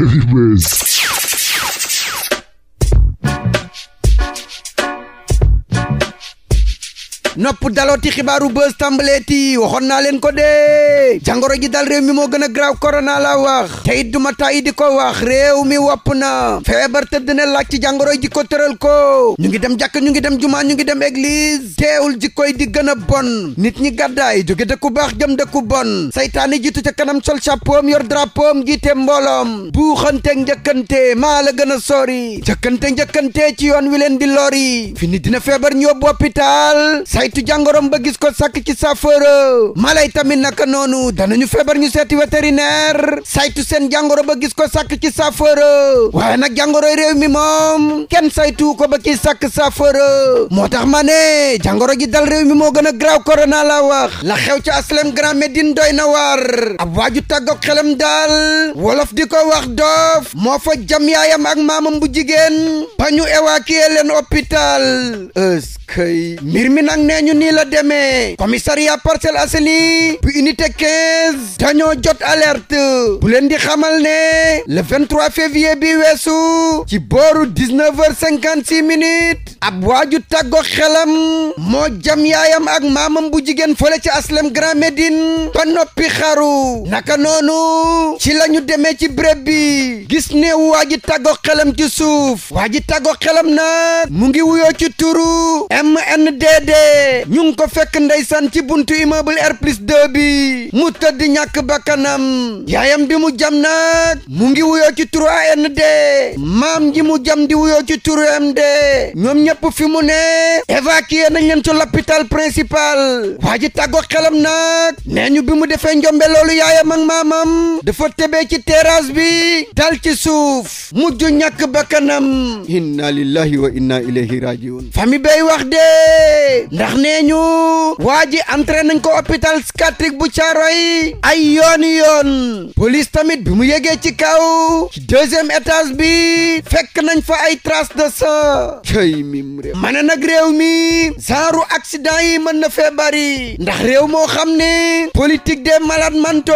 Everywhere. nopp dalooti xibaaru buzz tàmbaleeti waxoon naa leen ko dee jàngoro ji dal réew mi moo gën a graaw korona la wax te it duma tàyyi di ko wax réew mi wopp na feebar tëdd na laaj ci jàngoro ji ko tëral ko ñu ngi dem jàkk ñu ngi dem jumaa ñu ngi dem église teewul ji koy di gën a bon nit ñi gàddaay jóge dëkku baax jëm dëkku bon saytaane jiitu ca kanam sol chapeau yor yor drapeau am jiite mbooloom buuxante njëkkante maa la gën a sori njëkkante njëkkante ci yoon wi leen di lori dina feebar ñu saytu jàngoroom ba gis ko sàkk ci saafara mala yi tamit naka noonu ñu feebar ñu seeti vétérinaire saytu seen jàngoro ba gis ko sàkk ci saafara waaye nag jàngoro réew mi moom kenn saytu ko ba ci sàkk saafara moo tax ma ne jàngoro ji dal réew mi moo gën a graaw corona la wax la xew ci aslem Grand Médine doy na war ab waaju tàggook xelam daal wolof di ko wax doof moo fa jam yaayam ak maamam bu jigéen ba ñu évacuer leen hôpital eskay mbir mi nag ne nee ñu nii la demee commissariat Parcelles Assainies bu unité 15 dañoo jot alerte bu leen di xamal ne le 23 février bi weesu ci booru 19 heures 56 minutes ab waaju tàggo xelam moo jam yaayam ak maamam bu jigéen fële ci aslem Grand Médine ba noppi xaru naka noonu ci la ñu demee ci béréb bi gis ne waa ji tàggo xelam ci suuf waa ji xelam nag mu ngi wuyoo ci turu MNDD ñu ngi ko fekk ndeysaan ci buntu immeuble R plus 2 bi mu tëdd ñàkk bakkanam yaayam bi mu jam nag mu ngi wuyoo ci turu AND maam ji mu jam di wuyoo ci turu MD ñoom ñëpp fi mu ne évacué nañ leen ci l'hôpital principal waa ji tàggo xelam nag nee ñu bi mu defee njombe loolu yaayam ak maamam dafa tebee ci terrasse bi dal ci suuf mujj ñàkk bakkanam inna lillahi wa inna ilayhi rajiun fami bay wax de ndax ndax nee ñu waa ji entré nañ ko hôpital psychiatrique bu Thiaroye ay yoon yoon police tamit bi mu yegee ci kaw ci deuxième étage bi fekk nañ fa ay trace de sang cay mim réew ma ne nag réew mi genre accident yi mën na fee ndax réew moo xam ne politique des malades mentaux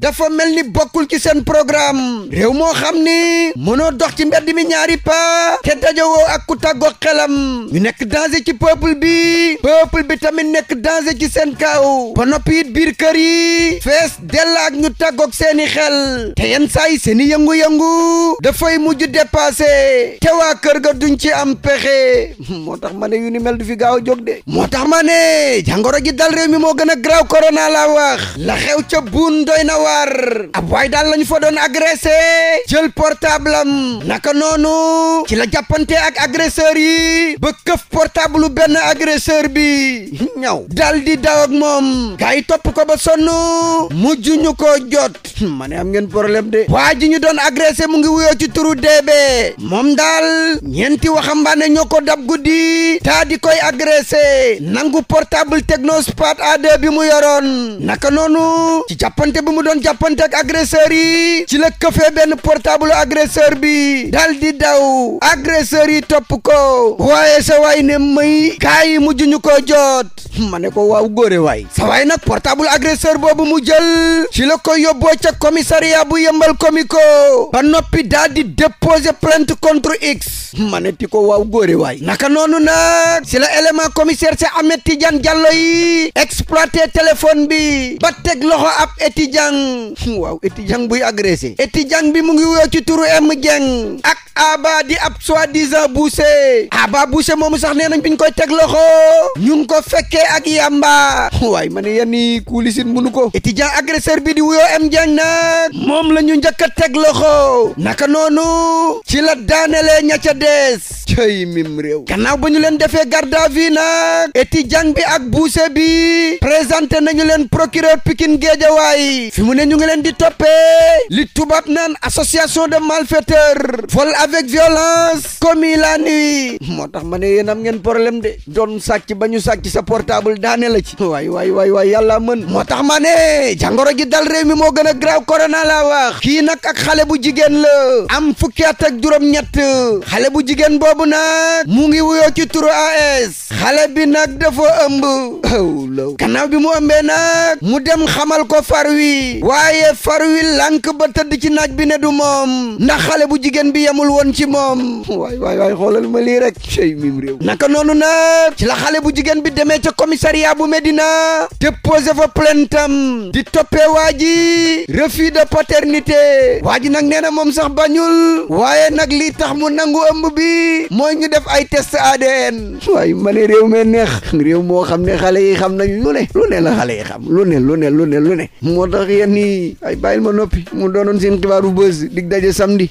dafa mel ni bokkul ci seen programme réew moo xam ni mënoo dox ci mbedd mi ñaari pa te dajawoo ak ku tàggoo xelam ñu nekk ci peuple bi peuple tamit nekk danger ci seen kaw ba noppi it biir kër yi fees della ak ñu tàggoog seeni xel te yenn saa yi seeni yëngu-yëngu dafay mujj dépassé te waa kër ga duñ ci am pexe moo tax ma ne yu ni mel du fi gaaw a jóg de moo tax ma ne jàngoro ji dal réew mi moo gën a graw corona laa wax la xew ca buun doy na waar ab waay daal lañ fo doon agressé jël portable am naka noonu ci la jàppante ak agresseur yi ba këf portable benn agresseur bi yi ñaw dal di daw ak moom gaay topp ko ba sonn mujj ñu ko jot ma ne am ngeen problème de waa ji ñu doon agressé mu ngi wuyoo ci turu deebee moom daal ñeenti waxambaane ñoko ko dab guddi di koy agressé nangu portable technospat ad bi mu yoroon naka noonu ci jàppante bi mu doon jàppante ak agresseur yi ci la këfee benn portable agresseur bi dal di daw agresseur yi topp ko waaye sa waay may gaay mujj ko koo jot ma ne ko waaw góore waay sawaay nag portable agresseur boobu mu jël ci la ko yóbboo ca commissariat bu yëmbal comico ba noppi daal di déposer plainte contre x ma ne ti ko waaw góore waay naka noonu nag ci la élément commissaire ci Ahmed Tidiane Diallo yi exploité téléphone bi ba teg loxo ab étudiant waaw étudiant buy agressé étudiant bi mu ngi wuyoo ci turu M Dieng Aba di ab soi-disant Boucher Aba Boucher moomu sax nee nañ biñ koy teg loxo ñu ko fekkee ak yamba waaye ma ne yan yi kuulisin munu ko étudiant agresseur bi di wuyoo M Dieng nag moom la ñu njëkk a teg loxo naka noonu ci la daanelee ña ca des cay mim réew gannaaw ba ñu leen defee garde à vue nag étudiant bi ak Boucher bi présenté nañu leen procureur Pikine Guédiawaye fi mu ne ñu ngi leen di toppee li tubaab naan association de malfaiteurs vol avec violence commis la nuit moo tax ma ne yéen am ngeen problème de doon sàcc ba ñu sàcc sa portable daane la ci waay waay waay waay yàlla mën moo tax ma ne jàngoro ji dal réew mi moo gën a grave corona laa wax kii nag ak xale bu jigéen la am fukki at ak juróom-ñett xale bu jigéen boobu nag mu ngi wuyoo ci turu AS xale bi nag dafa ëmb law bi mu ëmbee nag mu dem xamal ko far wi waaye far wi lànk ba tëdd ci naaj bi ne du moom ndax xale bu jigéen bi yemul won ci moom waay waay xoolal ma lii rek cey mim réew naka noonu nag ci la xale bu jigéen bi demee ca commissariat bu Médina déposé fa plainte am di toppee waa ji refus de paternité waa ji nag nee moom sax bañul waaye nag lii tax mu nangu ëmb bi mooy ñu def ay test ADN waaye ma réew mee neex réew moo xam ne xale yi xam nañ lu ne lu ne la xale yi xam lu ne lu ne lu ne lu ne moo tax yenn yi ay bàyyil ma noppi mu doonoon seen xibaaru buzz dig daje samedi